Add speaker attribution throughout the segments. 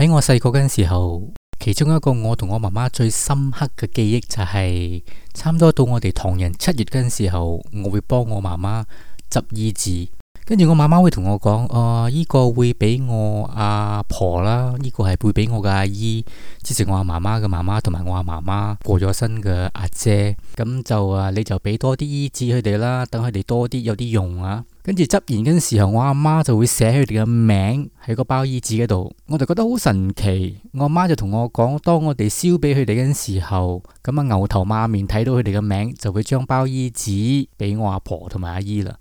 Speaker 1: 喺我細個嗰陣時候，其中一個我同我媽媽最深刻嘅記憶就係、是，差唔多到我哋唐人七月嗰陣時候，我會幫我媽媽執衣紙。跟住我媽媽會同我講，誒、呃，依、這個會俾我阿婆啦，依、這個係會俾我嘅阿姨，之前我阿媽媽嘅媽媽同埋我阿媽媽過咗身嘅阿姐，咁就啊，你就俾多啲衣紙佢哋啦，等佢哋多啲有啲用啊。跟住執完嗰時候，我阿媽就會寫佢哋嘅名喺個包衣紙嗰度，我就覺得好神奇。我阿媽就同我講，當我哋燒俾佢哋嗰陣時候，咁啊牛頭馬面睇到佢哋嘅名，就會將包衣紙俾我阿婆同埋阿姨啦。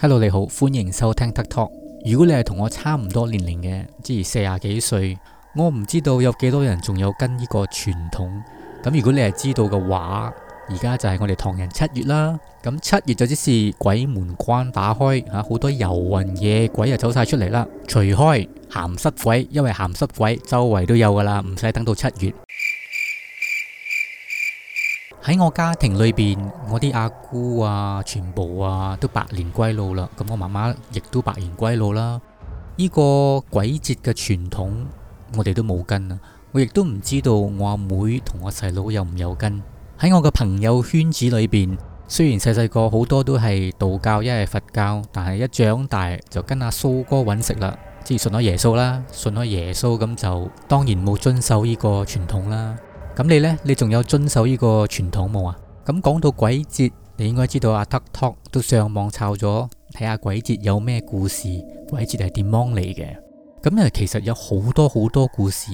Speaker 1: hello，你好，歡迎收聽 Tuck Talk。如果你係同我差唔多年齡嘅，即係四廿幾歲，我唔知道有幾多人仲有跟呢個傳統。咁如果你係知道嘅話，而家就係我哋唐人七月啦。咁七月就即是鬼門關打開吓，好多遊魂野鬼啊走晒出嚟啦，除開鹹濕鬼，因為鹹濕鬼周圍都有噶啦，唔使等到七月。喺我家庭裏邊，我啲阿姑啊，全部啊都百年歸老啦。咁我媽媽亦都百年歸老啦。呢個鬼節嘅傳統，我哋都冇跟啊。我亦都唔知道我阿妹同我細佬有唔有跟。喺我嘅朋友圈子裏邊，雖然細細個好多都係道教，一係佛教，但係一長大就跟阿蘇哥揾食啦，即係信咗耶穌啦，信咗耶穌咁就當然冇遵守呢個傳統啦。咁你呢？你仲有遵守呢個傳統冇啊？咁講到鬼節，你應該知道阿 Tuck Talk 都上網抄咗，睇下鬼節有咩故事，鬼節係點蒙你嘅。咁因為其實有好多好多故事，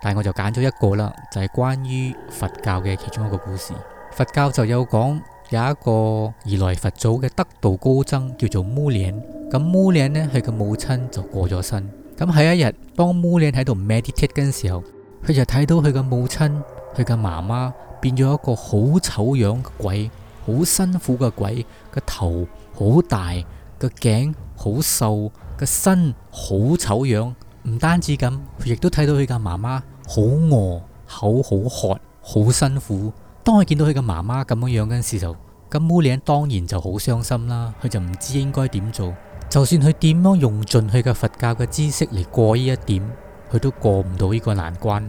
Speaker 1: 但係我就揀咗一個啦，就係、是、關於佛教嘅其中一個故事。佛教就有講有一個如來佛祖嘅得道高僧叫做摩領，咁摩領呢，佢個母親就過咗身。咁喺一日當摩領喺度 meditate 嘅時候，佢就睇到佢嘅母親。佢嘅媽媽變咗一個好醜樣鬼，好辛苦嘅鬼，個頭好大，個頸好瘦，個身好醜樣。唔單止咁，亦都睇到佢嘅媽媽好餓，口好渴，好辛苦。當佢見到佢嘅媽媽咁樣樣嘅時候，就目連當然就好傷心啦。佢就唔知應該點做，就算佢點樣用盡佢嘅佛教嘅知識嚟過呢一點，佢都過唔到呢個難關。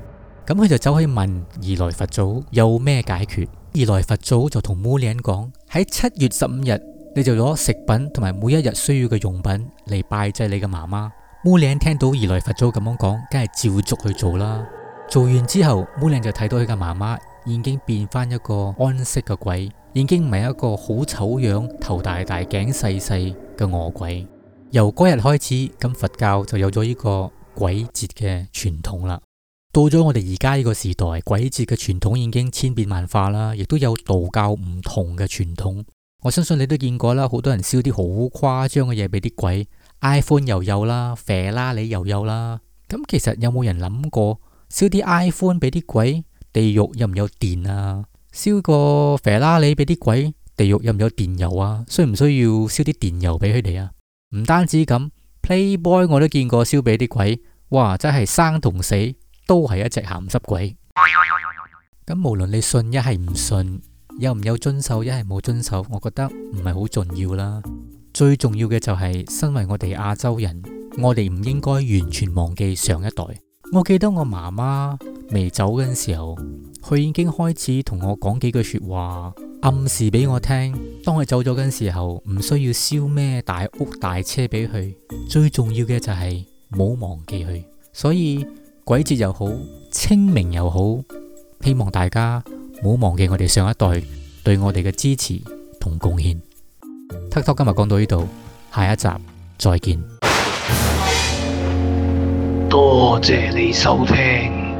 Speaker 1: 咁佢就走去問二來佛祖有咩解決，二來佛祖就同 Moo 講：喺七月十五日，你就攞食品同埋每一日需要嘅用品嚟拜祭你嘅媽媽。Moo 聽到二來佛祖咁樣講，梗係照足去做啦。做完之後 m o 就睇到佢嘅媽媽已經變翻一個安息嘅鬼，已經唔係一個好醜樣、頭大大、頸細細嘅惡鬼。由嗰日開始，咁佛教就有咗呢個鬼節嘅傳統啦。到咗我哋而家呢個時代，鬼節嘅傳統已經千變萬化啦，亦都有道教唔同嘅傳統。我相信你都見過啦，好多人燒啲好誇張嘅嘢俾啲鬼，iPhone 又有啦，法拉利又有啦。咁其實有冇人諗過燒啲 iPhone 俾啲鬼，地獄有唔有電啊？燒個法拉利俾啲鬼，地獄有唔有電油啊？需唔需要燒啲電油俾佢哋啊？唔單止咁，Playboy 我都見過燒俾啲鬼，哇，真係生同死。都係一隻鹹濕鬼。咁 無論你信一係唔信，有唔有遵守一係冇遵守，我覺得唔係好重要啦。最重要嘅就係、是、身為我哋亞洲人，我哋唔應該完全忘記上一代。我記得我媽媽未走嗰陣時候，佢已經開始同我講幾句說話，暗示俾我聽。當佢走咗嗰陣時候，唔需要燒咩大屋大車俾佢，最重要嘅就係、是、冇忘記佢。所以。鬼節又好，清明又好，希望大家唔好忘記我哋上一代對我哋嘅支持同貢獻。Tuck Talk 今日講到呢度，下一集再見。多謝你收聽。